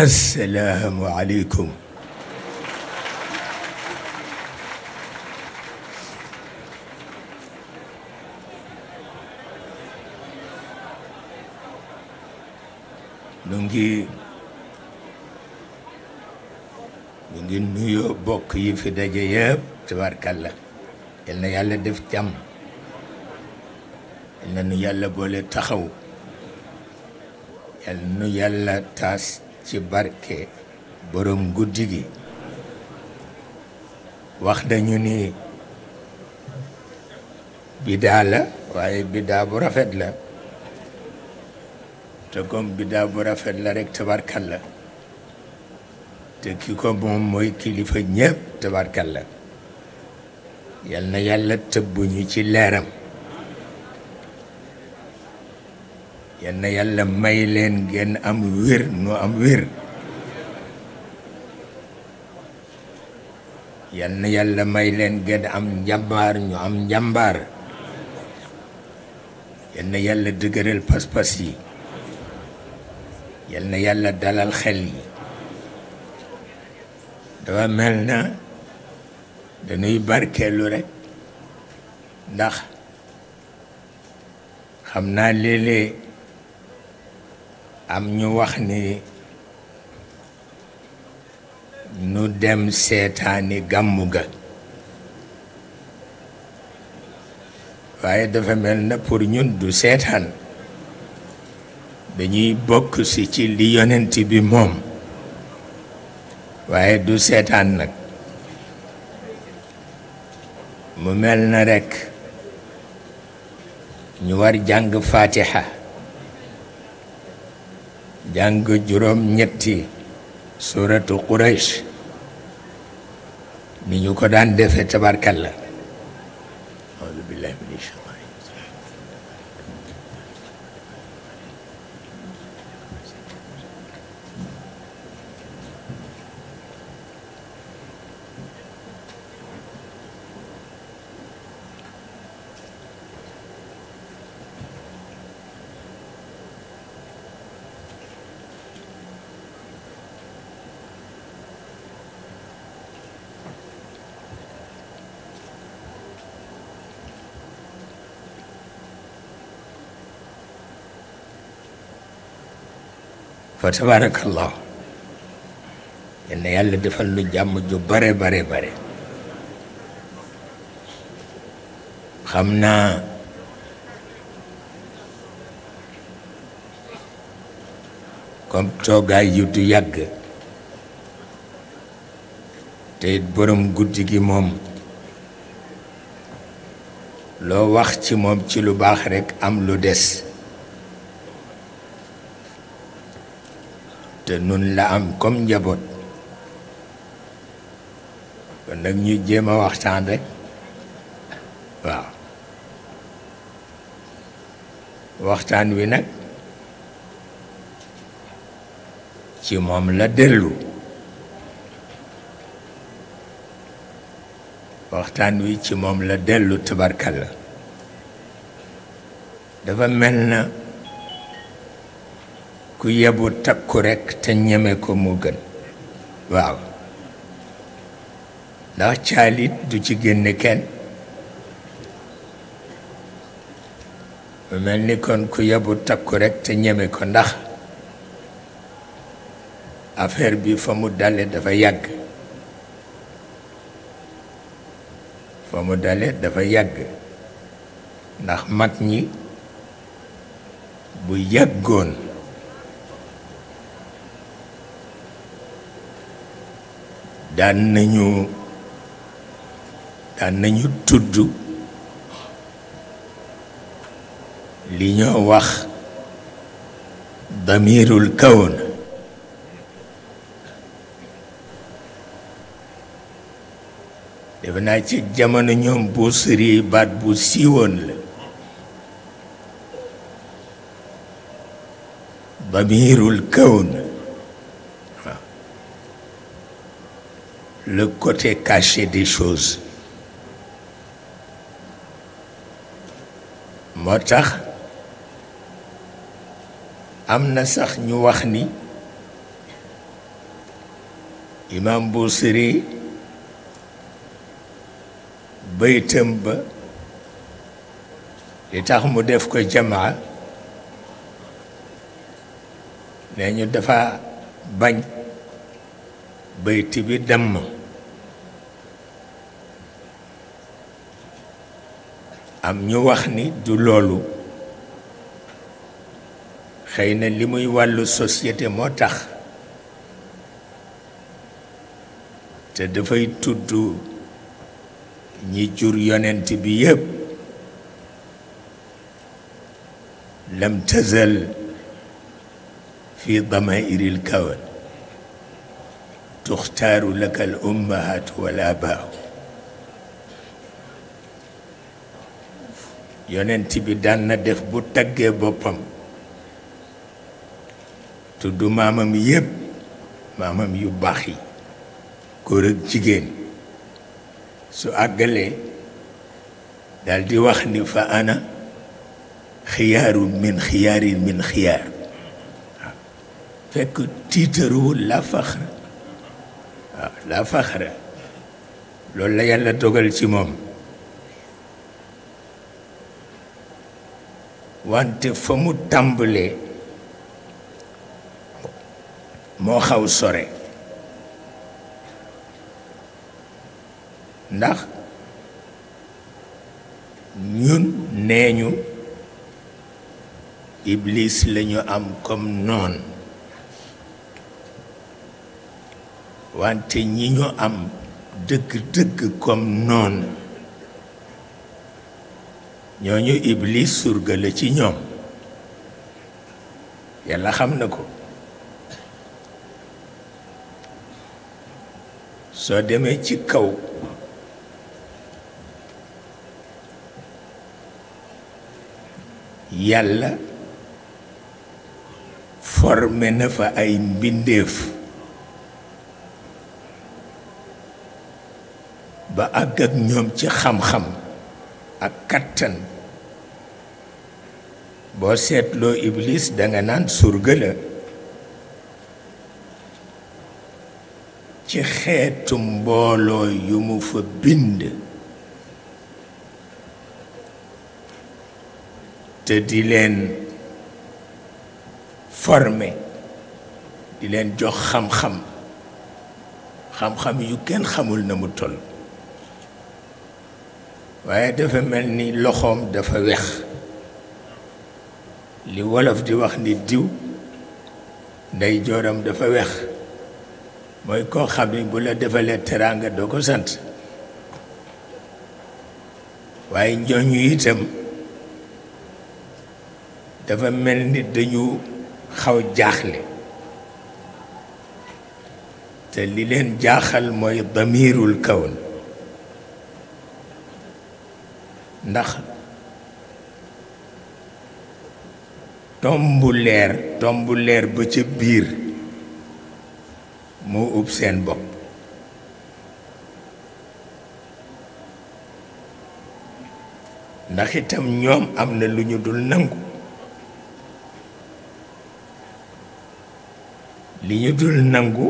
assalaamu aleykum nu ngi nu bokk yi fi daje yëpp tabarkalla yal na yàlla def jàmm yal na nu yàlla boole taxaw yal nu yàlla taas ci barke borom guddi gi wax nañu ni bidaa la waaye bidaa bu rafet la te comme bidaa bu rafet la rek tabarkal la te ki ko moom mooy kilifa ñépp tabarkal la yal na yàlla ñu ci leeram yenn yàlla may len gen am wér no am wér yenn yàlla may len gen am njàmbaar ñu am njàmbaar yenn yàlla pass pass yi yenn yàlla dalal xel yi dafa melna na dañuy barkelu rek ndax xamna lele am ñu wax ni nu dem seetaani gàmmu ga waaye dafa mel na pour ñun du seetaan dañuy bokk si ci li yonent bi moom waaye du seetaan nag mu mel na rekk ñu war jàng faatiha jàng juróom ñetti suratu Quraysh ni ñu ko daan defe tabarkalla fa tabarakallahu yenn yàlla defal lu jàmm ju bare bare bare xam naa comme toogaay yu du yàgg te it borom guddi gi moom loo wax ci moom ci lu baax rekk am lu des te nun la am comme njaboot kon nag ñu jéem a waxtaan rek waaw waxtaan wi nag ci moom la dellu waxtaan wi ci moom la dellu tabarkal la dafa mel na ku yebu takku rekk te ñeme ko mu gën waaw ndax caalit du ci génne kenn mel ni kon ku yebu takku rekk te ñeme ko ndax affaire bi fa mu dale dafa yàgg fa mu dale dafa yàgg ndax mag ñi bu yàggoon dan nañu daan nañu tudd li ñoo wax damirul kawn defe naa ci jamono ñoom Buusiri baat bu siiwoon la damirul kawn le côté caché des choses moo amna am sax ñu wax ni imam Busiri def ko jamaa ne dafa bañ am ñu wax ni du loolu xëy na li muy wàllu société moo tax te dafay tudd ñi jur yonent bi yépp lam tazal fi damairil kawn tuxtaaru laka al ummahaatu wal yonent bi daan na def bu taggee boppam tudd maamam yépp maamam yu baax yi góor ak jigéen su àggalee daldi wax ni fa ana xiyaarun min xiyaarin min xiyaar waaw fekk tiitaruwul la faxra waaw la faxra loolu la yàlla wante fa mu tàmbalee moo xaw sore ndax ñun nee ñu iblis lañu am comme noon wante ñi ñu am dëgg-dëgg comme noon ñoo iblis surga surgale ci ñoom yàlla xam na ko soo demee ci kaw yàlla formé na fa ay mbindeef ba àgg ak ñoom ci xam-xam ak kattan boo seetloo iblis danga naan surga la ci xeetu mbooloo yu mu fa bind te di leen forme di leen jox xam-xam xam-xam yu kenn xamul na mu toll waaye dafa mel ni loxoom dafa wex li wolof di wax ni diw ndey jooram dafa wex mooy koo xam ni bu la defalee teraanga doo ko sant waaye ñooñu itam dafa mel ni dañu xaw jaaxle te li leen jaaxal mooy damirul kawn ndax tombu leer tombu leer ba ca biir moo ub seen bopp ndaxitam ñoom am na lu ñu dul nangu li ñu dul nangu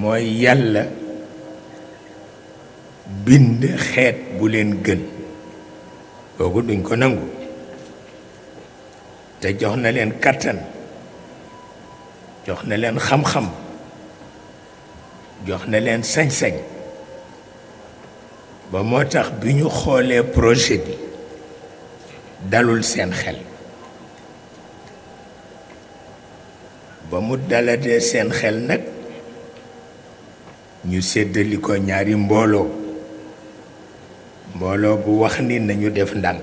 mooy yàlla bind xeet bu leen gën kooku duñ ko nangu te jox na leen kàttan jox na leen xam-xam jox na leen sañ-sañ ba moo tax bi ñu xoolee projet bi dalul seen xel ba mu daladee seen xel nag ñu séddali ko ñaari mbooloo mbooloo bu wax ni nañu def ndànk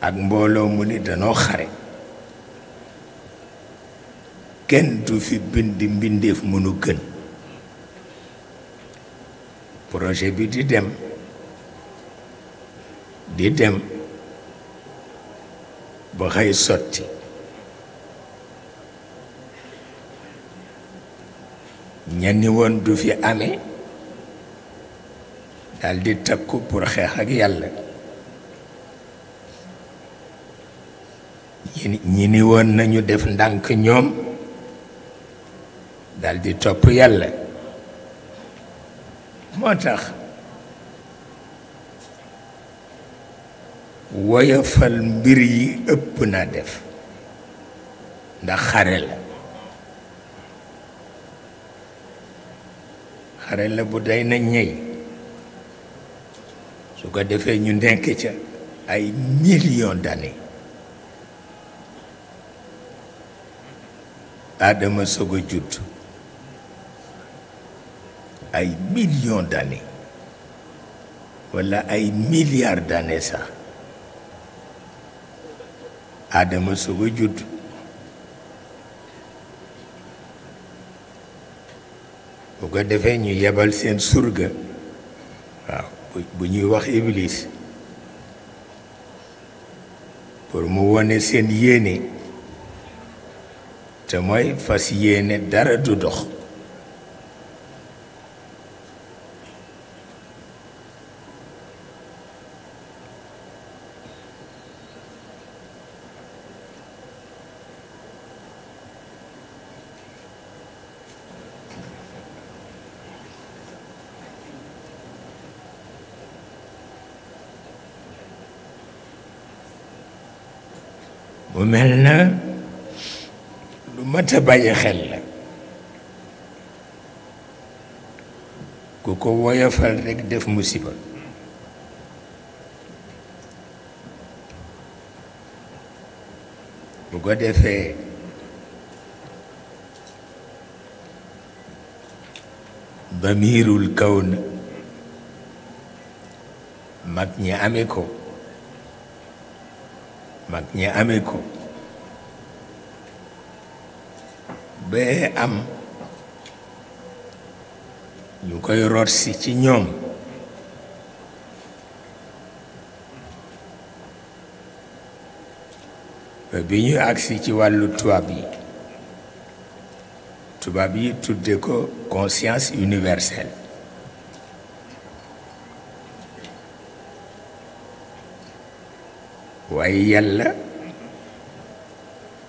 ak mbooloo mu ni danoo xare kenn du fi bind mbindeef mënu gën projet bi di dem di dem ba xëy sotti ñenni woon du fi amee daldi di takku pour xeex ak yàlla ñi ni woon nañu def ndànk ñoom daldi topp yàlla moo tax woyofal mbir yi ëpp naa def ndax xare la xare la bu day na ñey su ko defee ñu nekk ca ay millions d'années Adama soog a judd ay millions d'années walla ay milliards d'années sax Adama soog a bu ko defee ñu yebal seen surga bu ñuy wax iblis pour mu wone seen yéene te mooy fas yéene dara du dox ملنا لما تبايا خلا كوكو ويا فالريك ديف مصيبة بوكو ديفي بمير الكون مكني أميكو مكني أميكو bee am ñu koy root si ci ñoom ba bi ñu agsi ci wàllu tubaab yi tubaab yi tudde ko conscience universelle waay yàlla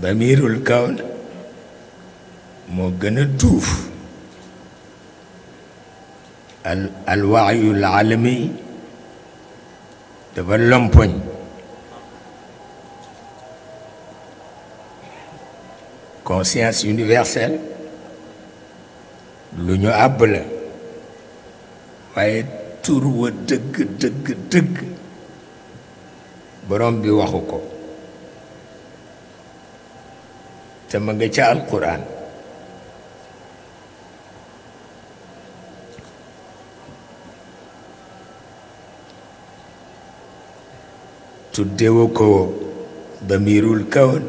بامير الكون moo الدوف a duuf al alwaayul alami conscience universelle lu ñu àbb la waaye tur wa deug deug deug borom bi waxuko te ma nga ca alquran tuddewu ko damirul kawn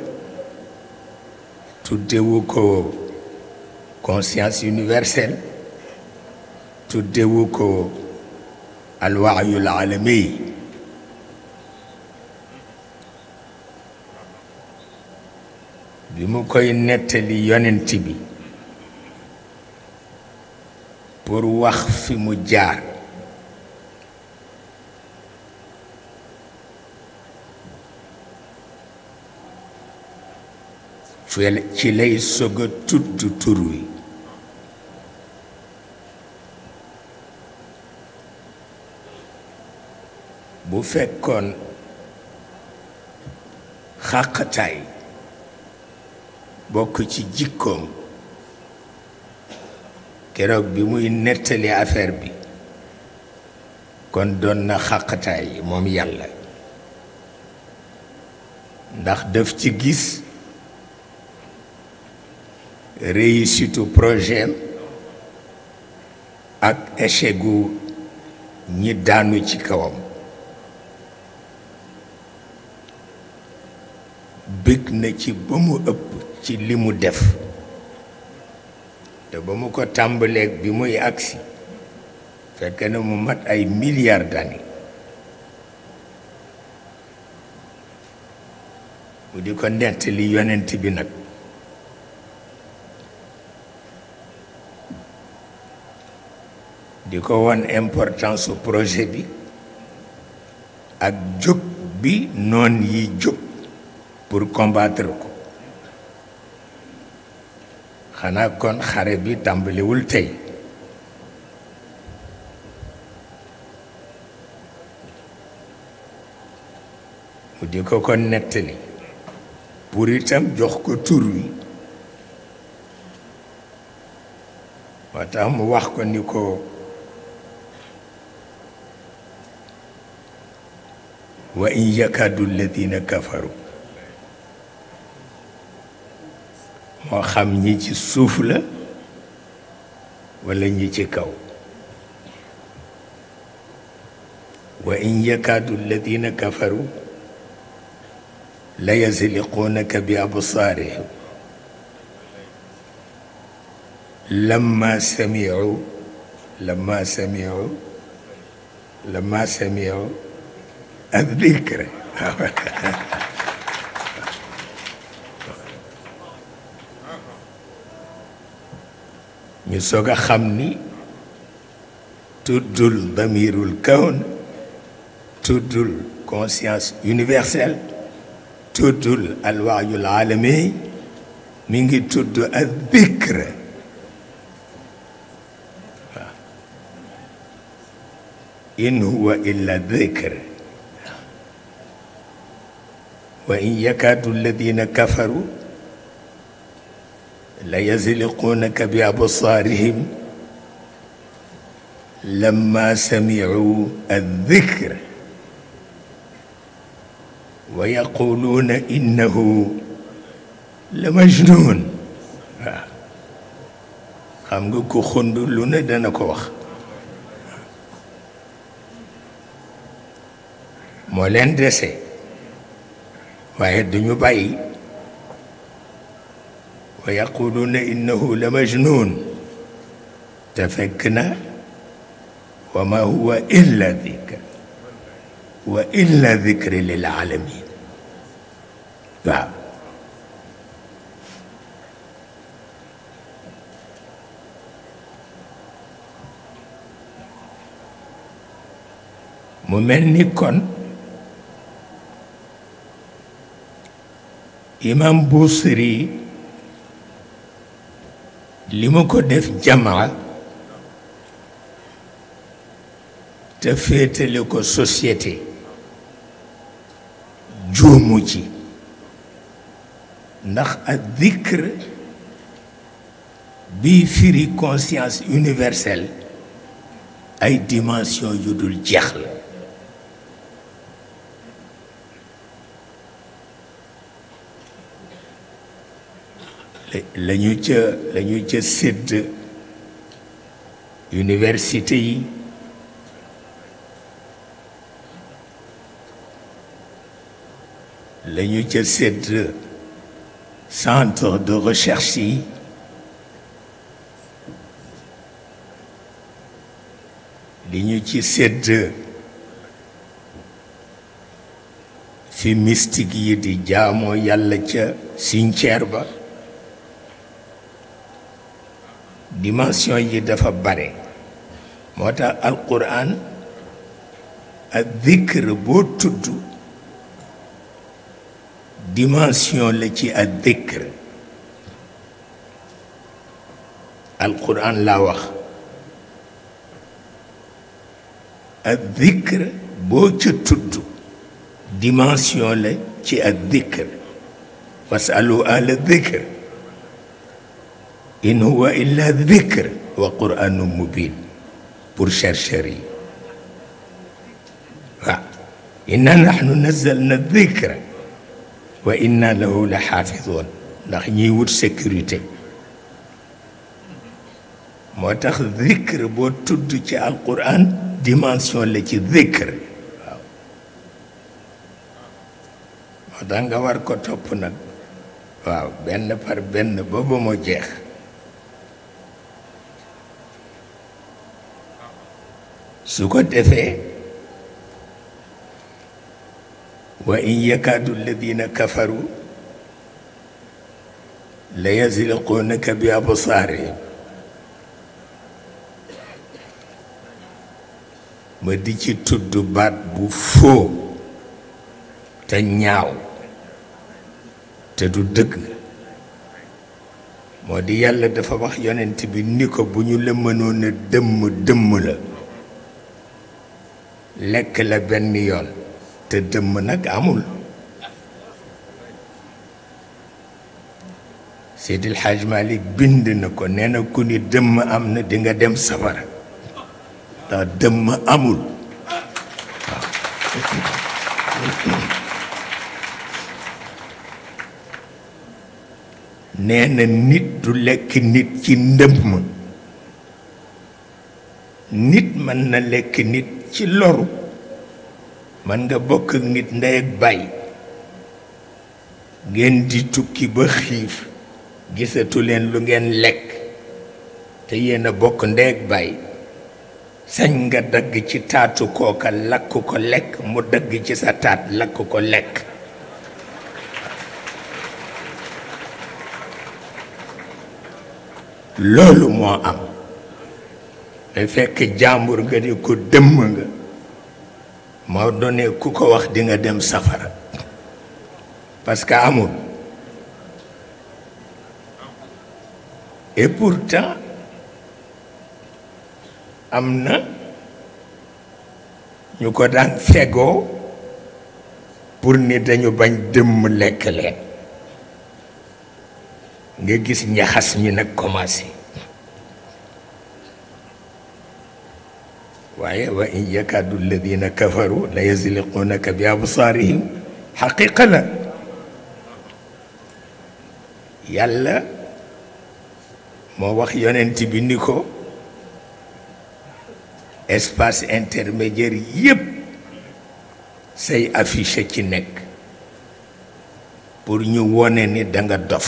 tuddewu ko conscience universelle tuddewu ko alwaayul alami bi mu koy nettali yonent bi pour wax fi mu jaar ci lay soog a tudd tur wi bu fekkoon xàqataay bokk ci jikkoom keroog bi muy nettali affaire bi kon doon na yi moom yàlla ndax daf ci gis réussitu projet ak échec gu ñi daanu ci kawam bëgg na ci ba mu ëpp ci limu def te ba mu ko tàmbaleeg bi muy aksi fekk na mu mat ay milliards dani mu di ko li yonent bi nak di ko won importance su projet bi ak bi non yi jóg pour combattre ko xanaa kon xare bi tàmbaliwul tey mu di ko ko nettali pour itam jox ko tur wi moo tax mu wax ko ni ko wa in yakadu alladina kafaru moo xam ñi ci suuf la wala ñi ci kaw wa in yakaadu alladina kafaru la yasliquunaka bi absaarihim لما سمعوا لما سمعوا لما سمعوا الذكر ñu soog a xam ni tuddul damirul kawn tuddul conscience universelle tuddul alwaayul aalami mi ngi tudd ak bikr waaw in huwa illa dhikr wa in yakaadu alladina kafaru لا يزلقونك بأبصارهم لما سمعوا الذكر ويقولون إنه لمجنون خمجوكو خندلون دانكوخ مولان دسي واحد دنيو باي ويقولون إنه لمجنون تفكنا وما هو إلا ذكر وإلا ذكر للعالمين نعم mu mel ni limoko def jamaa te féetale ko société juumu ci ndax ak dikr firi conscience universelle ay dimension yu dul la ñu ca la ñu université yi la ñu ca centre de recherche yi li ñu ci sédd fi mystique yi di jaamoo yàlla ca cimetière ba dimension yi dafa bare moo tax alquran ak dikr boo tudd dimension la ci ak dikr alquran laa wax ak dikr boo ca tudd dimension la ci ak dikr fasalu ala dikr إن هو إلا ذكر وقرآن مبين شري إنا نحن نزلنا الذكر وإنا له لحافظون نحن يود سيكوريتي موتاخ ذكر بو تدو القرآن ديمانسيون لك ذكر موتاخ غوار كتوبنا واو بن فر بن بابو su ko defee wa in yakaadu alladina kafaru la yasliquunaka bi absaarihim ma di ci tudd baat bu foo te ñaaw te du dëgg moo di yàlla dafa wax yonent bi ni ko bu ñu la mënoon a dëmm dëmm la lek la ben yol سيد الحاج مالك بند نكو نينا كوني دم امنا دينغا دم سفر دا دم امول نينا نيت لك نيت كي نم نيت من لك نيت ci loru mën nga bokk ak nit ndey ak bàyyi ngeen di tukki ba xiif gisatu leen lu ngeen lekk te yéen bokk ndey ak bàyyi sañ nga dagg ci taatu kooka lakk ko lekk mu dëgg ci sa taat lakk ko lekk loolu moo am day fekk jàmbur nga di ko dëmm nga moo doone ku ko wax di dem safara parce que amul et pourtant am na ñu ko daan fegoo pour ni dañu bañ dëmm lekk leen nga gis ñaxas mi nag commencé waaye wa in yakaadu alladina kafaru la yasliquunaka bi absaarihim xaqiqa la yàlla moo wax yonent bi ni ko espace intermédiaire yépp say affiché ci nekk pour ñu wone ni danga dof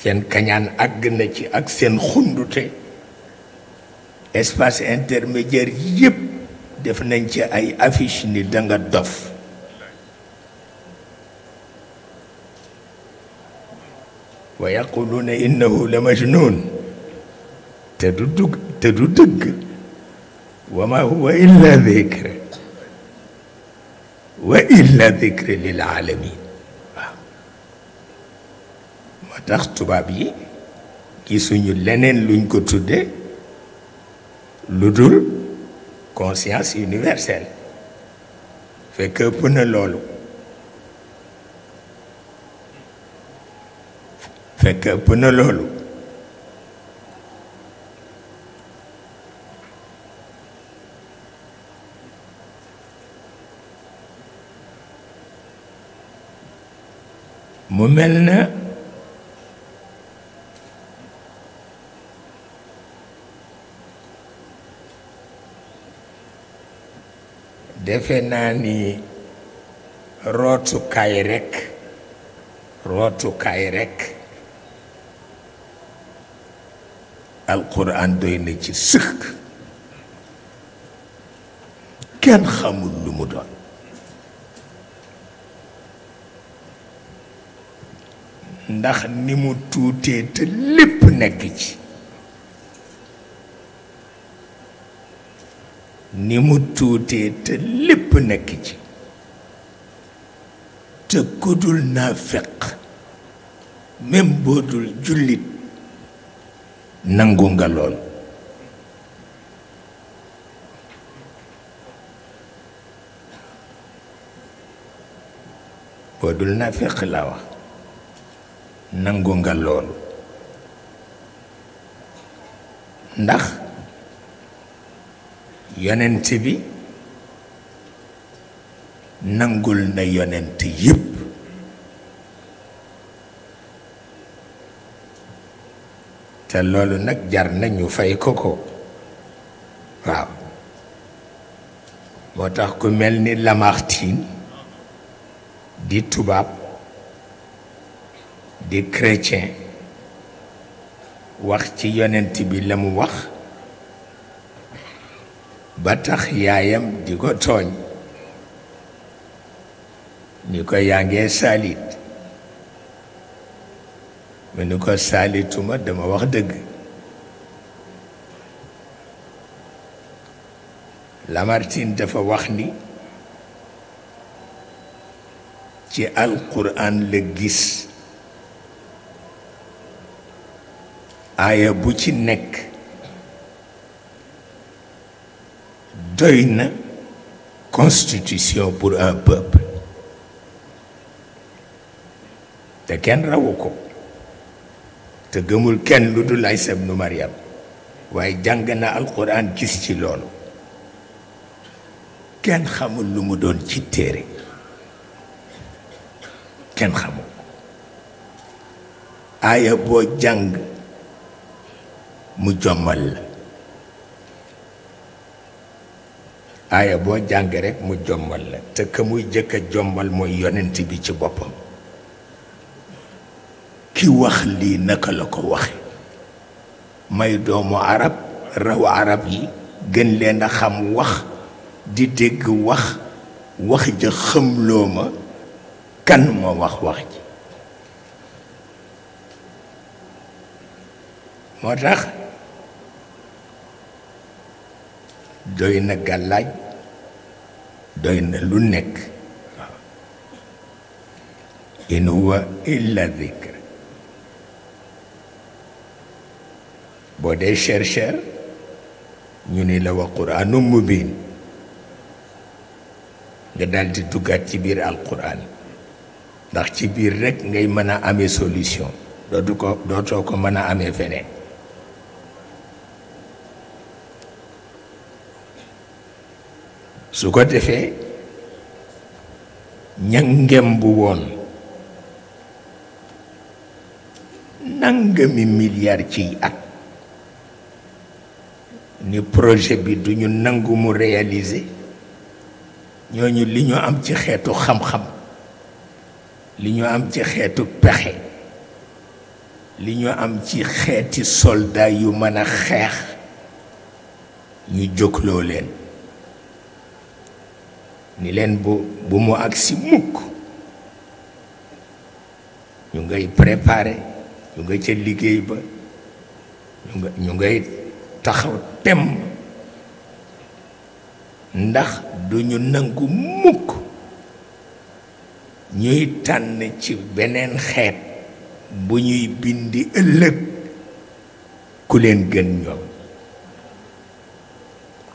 seen kañaan àgg na ci ak seen xundute espace intermédiaire yëpp def nañ ci ay affiche ni da nga dof wa yaquluna innahu la majnun te du dug te du dëgg wa ma huwa illa dikr wa illa dikr lil alamin waaw moo tax tubaab yi gisuñu leneen luñ ko tuddee lu dul conscience universelle fekk ëpp na loolu fekk ëpp na loolu mu mel na defe naa ni rootukaay rekk rootukaay rekk alquran doy na ci sëkk kenn xamul lu mu doon ndax ni mu tuutee te lépp nekk ci ni mu tuutee te lépp nekk ci te kudul naafeq même boo dul jullit nangu nga lool boo dul naafeq laa wax nangu nga lool ndax yonent bi nangul na yonent yépp te loolu nag jar nañu fay koko waaw ku melni Lamartine di tubab di chrétien wax ci yonent bi wax batax yaayam di ko tooñ ni ko yange salit saalit ko salituma dama wax dëgg Lamartine dafa wax ni ci alquran le gis aya bu ci nek doy na constitution pour un peuple te kenn rawu ko te gëmul kenn lu dul ay ibnu Maryam waaye jàng na alquran gis ci loolu kenn xamul lu mu doon ci téere kenn xamul aaya boo jàng mu jommal la aaya boo jàng rekk mu jombal la te ka muy jëkk jombal jommal mooy yonent bi ci boppam ki wax lii naka la ko waxe may doomu arab raw arab yi gën leen a xam wax di dégg wax wax ja xamloo ma kan moo wax wax ji moo tax doy na gàllaaj doy na lu nek in huwa illa dhikr bo de cher cher ñu ni la wa quraanu mubin nga dal di dugat ci biir alquran ndax ci bir rek ngay mën amé solution do do ko do to ko mën amé fenen su ko defee ña bu woon nangami milliard ciy at ni porojet bi du ñu nangu mu réaliser ñooñu li ñu am ci xeetu xam-xam li ñu am ci xeetu pexe li ñu am ci xeeti soldat yu mën a xeex ñu jógloo leen ni leen bu bu mu agsi mukk ñu ngay préparer ñu nga ca liggéey ba ñu nga ñu ngay taxaw tem ndax duñu nangu mukk ñuy tànn ci beneen xeet bu ñuy bindi ëllëg ku leen gën ñoom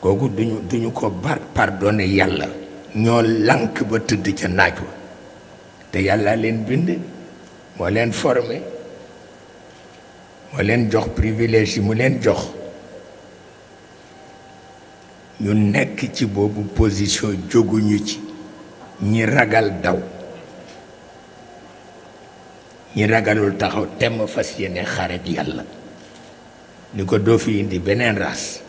kooku duñu duñu ko bar pardonné yàlla ñoo lànk ba tëdd ca naaj wa te yàlla leen bind moo leen formé moo leen jox privilège yi mu leen jox ñu nekk ci boobu position jóguñu ci ñi ragal daw ñi ragalul taxaw temm fas yéene xaret yàlla ni ko doo fi indi beneen ras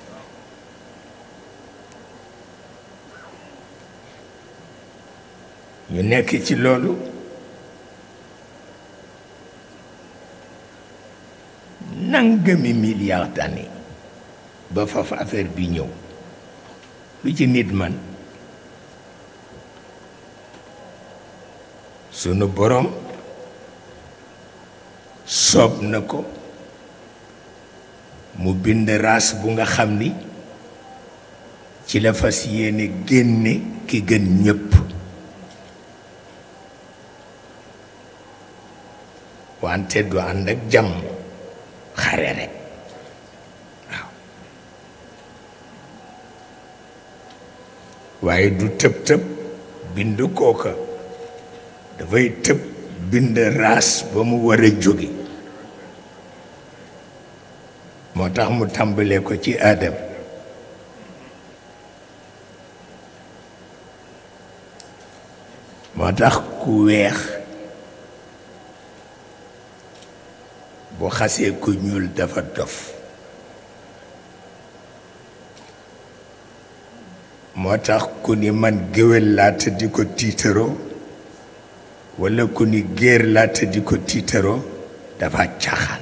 ñu nekk ci loolu nangami milliard d'années ba faf affaire bi ñëw lu ci nit man sunu borom soob na ko mu bind ras bu nga xam ni ci la fas yéene génne ki gën ñëpp wante du ànd ak jàmm xare rek waaw waaye du tëb tëb bind kooka dafay tëb bind raas ba mu war a jóge moo tax mu tàmbalee ko ci aadam moo tax ku weex bo xasse ko ñul dafa dof motax ku ni man géwél la te diko titero wala ku ni géer la te diko titero dafa chaxal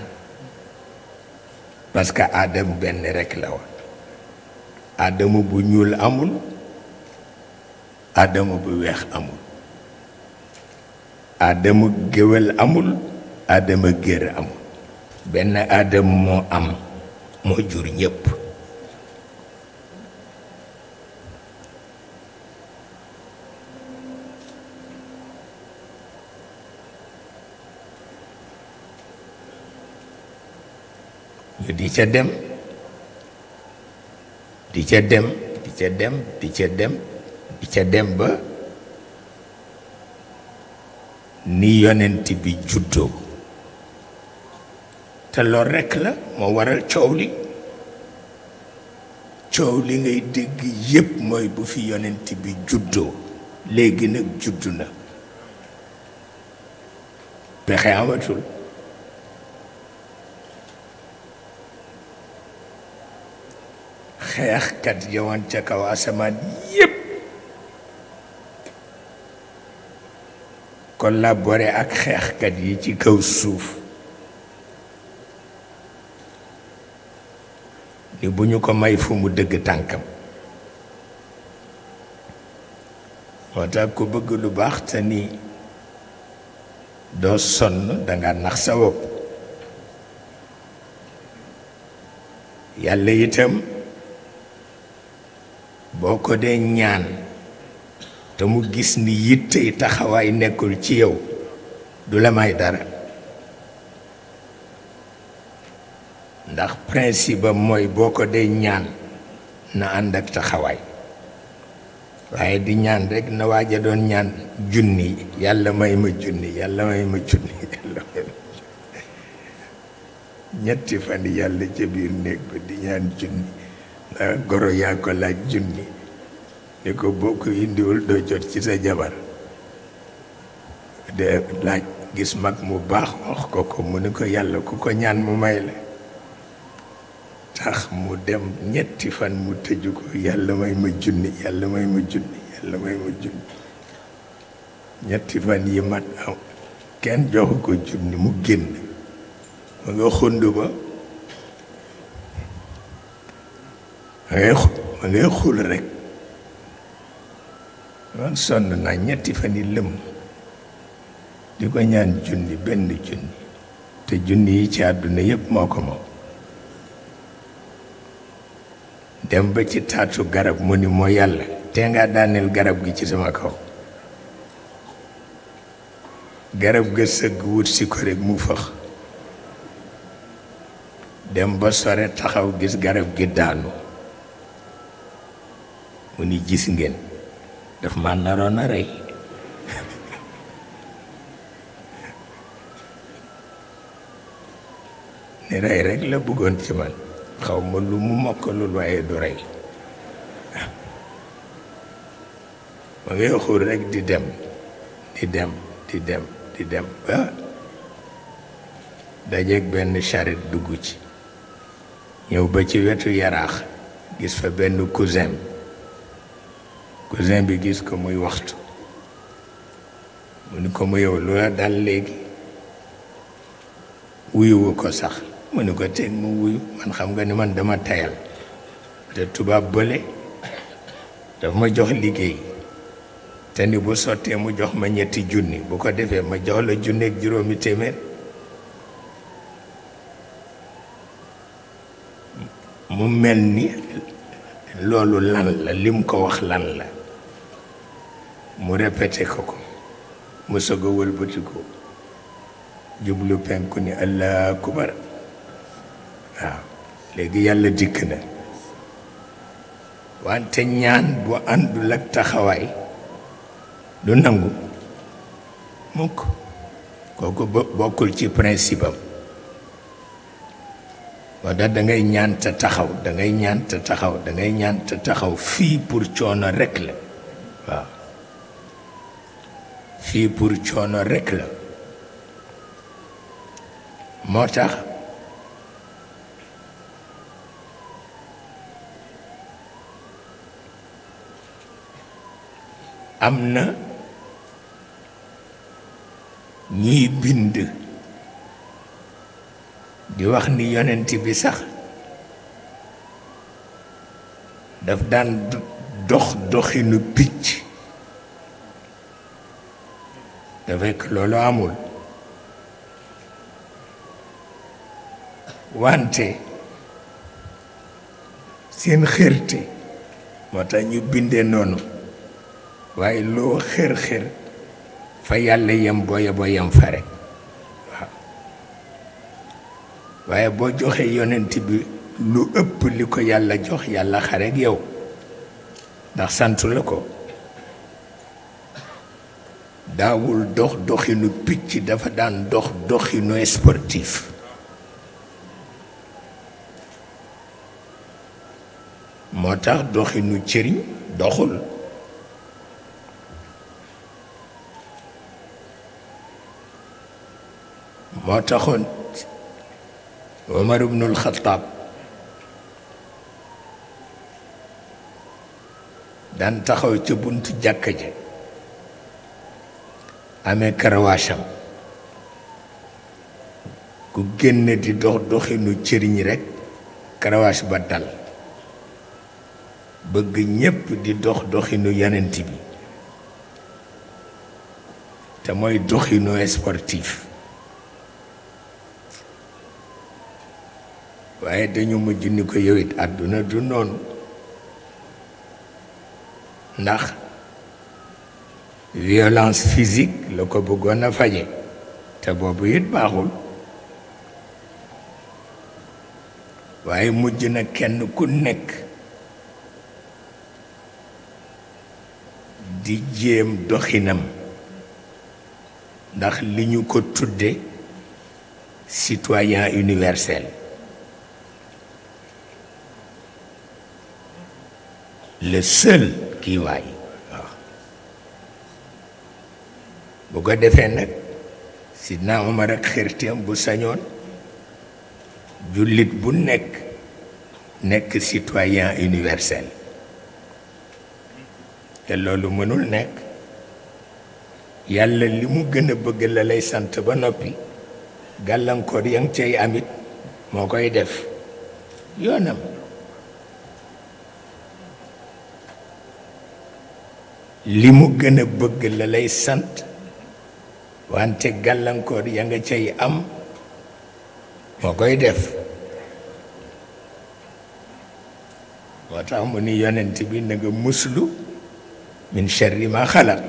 parce que adam ben rek la won adam bu ñul amul adam bu wex amul adam géwél amul adam géer amul benn aadam moo am moo jur ñépp ñu di ca dem di ca dem di ca dem di ca dem di ca dem ba ni yonenti bi juddoo te lool rekk la moo waral coow li coow li ngay dégg yépp mooy bu fi yonent bi juddoo léegi nag juddu na pexe amatul xeexkat yowoon ca kaw asamaan yépp collaboré ak xeexkat yi ci kaw suuf ni bu ñu ko may fu mu dëgg tànkam moo tax ku bëgg lu baax te ni doo sonn danga nax sa bopp yàlla itam boo ko dee ñaan te mu gis ni yitte taxawaay nekkul ci yow du la may dara ndax principe ba mooy boo ko dee ñaan na ànd ak taxawaay waaye di ñaan rek na waaja doon ñaan junni yàlla may ma junni yàlla may ma junni yàlla may ñetti fan yàlla ca biir néeg ba di ñaan junni ndax goro yaa ko laaj junni ni ko boo ko indiwul doo ci sa jabar de laaj gis mag mu baax wax ko ko mu ni ko yàlla ku ko ñaan mu may la tax mu dem ñetti fan mu tëju ko yàlla may ma junni yàlla may ma junni ñetti fan yi mat am kenn joxu ko junni mu génn ma nga xund ma ngay ngay xul rek man sonn naa ñetti fan yi lëm di ko ñaan junni benn junni te junni yi ci àdduna yëpp moo ko moom dem ba ci taatu garab mu ni moo yàlla te nga daaneel garab gi ci sama kaw garab ga sëgg wut ci ko rek mu fëx dem ba sore taxaw gis garab gi daanu mu ni gis ngeen daf ma naroon a rey ni rey rek la bëggoon ci man xaw ma lu mu mokkalul waaye du rey ma ngay xur rek di dem di dem di dem di dem ba dajeeg benn charrette dugg ci ñëw ba ci wetu yaraax gis fa benn cousin cousin bi gis ko muy waxtu mu ni ko mu yow lu la dal léegi wuyuwu ko sax mu ne ko teen mu wuyu man xam nga ni man dama tayal te tubaab bële daf ma jox liggéey te ni bu sottee mu jox ma ñetti junni bu ko defee ma jox la junneeg juróomi téeméer mu mel ni loolu lan la lim ko wax lan la mu répété ko ko mu soog a wëlbati jublu penku ni allah kubar waaw léegi yàlla dikk na wante ñaan bu àndul ak taxawaay du nangu mukk kooku bokkul ci principam am moo tax da ngay ñaan te taxaw dangay ngay ñaan te taxaw dangay ngay ñaan te taxaw fii pour coono rekk la waaw fii pour coono rekk la moo tax am na ñuy bind di wax ni yonent bi sax daf daan dox doxinu picc te fekk amul wante seen xërte moo tax ñu bindee noonu waaye loo xër xër fa yàlla yem booya ba yem fa rek waaw waaye boo joxee yonent bi lu ëpp li ko yàlla jox yàlla xarek yow ndax sant la ko daawul dox doxinu picc dafa daan dox doxinu sportif moo tax doxinu cëriñ doxul moo taxoon Omar ibnul Xataab daan taxaw ca buntu jàkka ji amee karawaasam ku génn di dox doxinu cëriñ rekk karawaas ba dal bëgg ñépp di dox doxinu yonent bi te mooy doxinu sportif waye dañu mujj ni ko yowit aduna du ndax violence physique le ko bëggoon a faje te boobu it baaxul waaye mujj na kenn ku nekk di jéem doxinam ndax li ñu ko tudde citoyen universel le seul kii waay waaw bu ko sidna Omar ak xërtéem bu sañoon jullit bu nekk nekk citoyen universel te loolu mënul nekk yàlla li mu bëgg la lay sant ba noppi gàllankoor ya nga cay amit moo koy def yoonam li mu gën a bëgg la lay sant wante gàllankoor ya nga cay am moo koy def moo tax mu ni yonent bi na nga muslu min sharri ma xalaq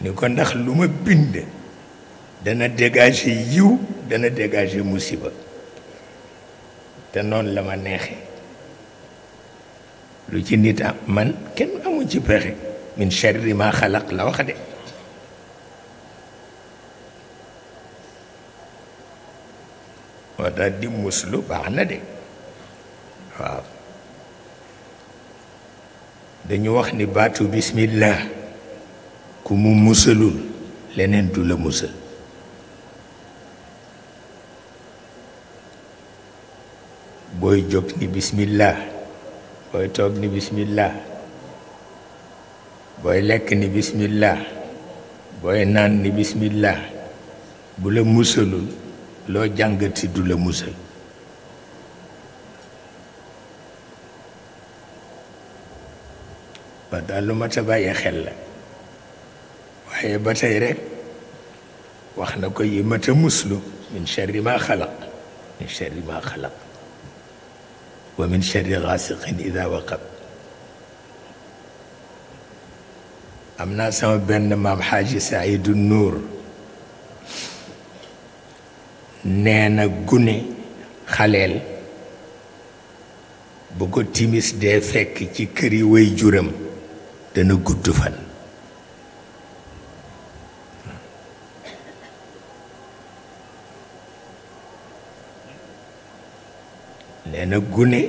ni ko ndax lu ma bind dana dégager yiw dana dégager musiba te noonu la ma neexee lu ci nit am man kenn amu ci pexe min sharri ma xalaq la wax de baax na de waaw dañu wax ni baatu bismillah ku mu musalul leneen du la musal boy jóg ni bismillah boy tok ni bismillah boy lek ni bismillah boy nan ni bismillah bu la musulul lo jàngati du la musul ba dalu lu mat a xel la waye ba tey rek wax na ko yi mat muslu min sharri ma khalaq min sharri ma khalaq ومن شر غاسق إذا وقب أمنا سما بن مام حاج سعيد النور نانا غني خليل بوكو تيميس دي فك كي كري وي جورم دنا غودفان neena gune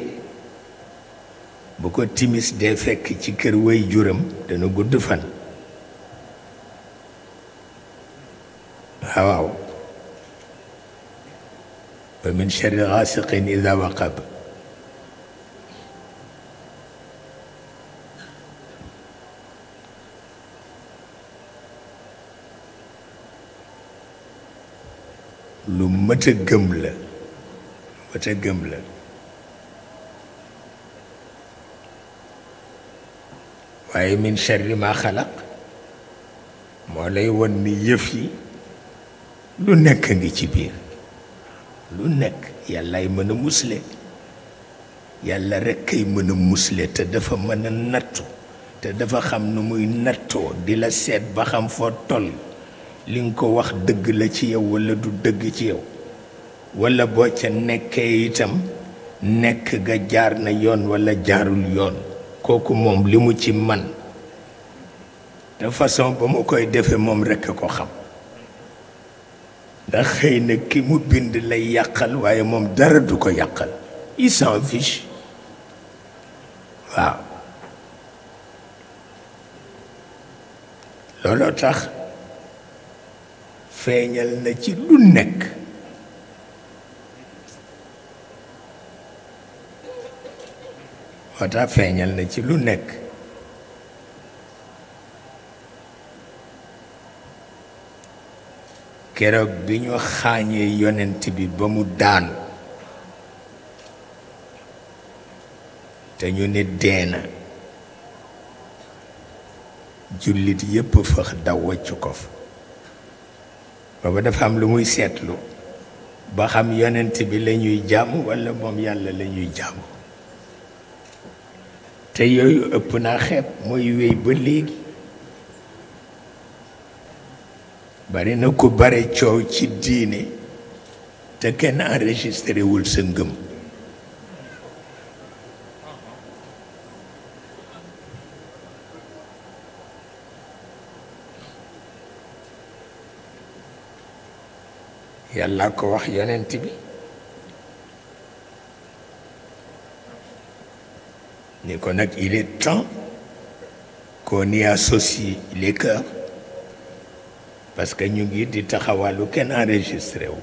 bu ko timis dee fekk ci kër way juram dana gudd fan waaw wa min sharri ghasiqin idha waqab lu mata gëm la mata gëm la waaye min sharri ma xalaq moo lay won ni yëf yi lu nekk ngi ci biir lu nekk yàllaay mën a musle yàlla rekk ay mën a musle te dafa mën nattu te dafa xam nu muy nattoo di la seet ba xam foo toll li nga ko wax dëgg la ci yow walla du dëgg ci yow walla boo ca nekkee itam nekk nga jaar na yoon walla jaarul yoon kooku moom li mu ci man de façon ba mu koy defee moom rekk a ko xam ndax xëy na ki mu bind lay yàqal waaye moom dara du ko yàqal il s'en fiche waaw looloo tax feeñal na ci lu nekk moo feeñal na ci lu nekk keroog bi ñu xaañee yonent bi ba mu daanu te ñu ne deena jullit yépp fëx daw wëccu ko fa booba dafa am lu muy seetlu ba xam yonent bi lañuy jàmm walla moom yàlla lañuy jàmm te yooyu ëpp naa xeeb mooy wéy ba léegi bari na ku bare coow ci diine te kenn enregistré wul sa ngëm yàlla ko wax yonent bi les connecte. Il est temps qu'on y associe les cœurs parce que ñu ngi di taxawalu kenn enregistré wu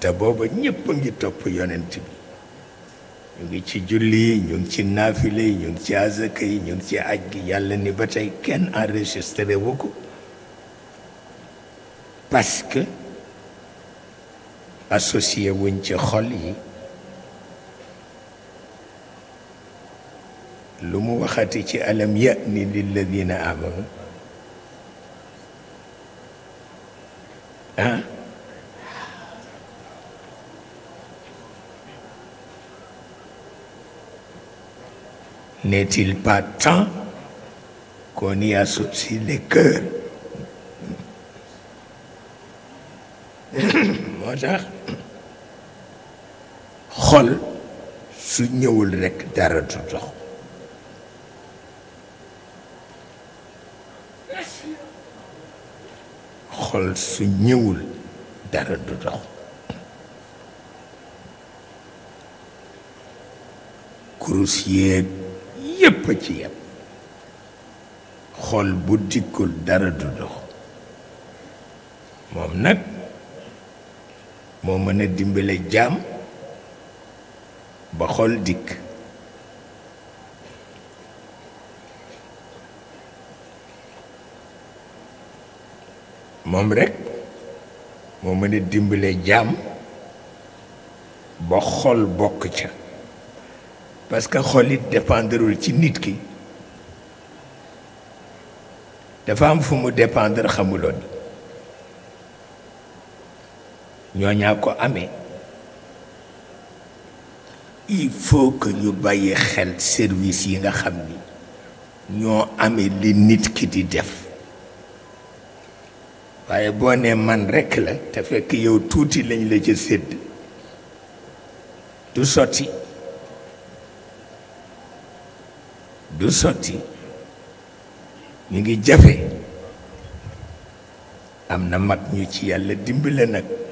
te booba ñëpp a ngi topp yonent bi ñu ngi ci julli yi ñu ngi ci nafilé yi ñu ngi ci azaka ñu ngi ci ajj gi ni batay ken enregistré woko parce que associé wuñ ci xol yi lu mu waxati ci alam ya'ni lilladina amanu ah N'est-il pas temps qu'on y associe les cœurs moo tax xol su ñëwul rekk dara du dox xol su ñëwul dara kurus yéeg yépp a ci bu dikkul dara du dox moom nag moo mën a dimbale jaam ba xol dikk moom rekk moo mën a dimbale jaam ba xol bokk ca parce que xol it dépendrul ci nit ki dafa am fu mu dépendre xamuloon ñoo ñaa ko ame il faut que ñu bàyyi xel service yi nga xam ni ñoo ame li nit ki di def waaye boo nee man rekk la te fekk yow tuuti lañ la ca sédd du sotti du sotti mu ngi jafe am na mag ñu ci yàlla dimbile nag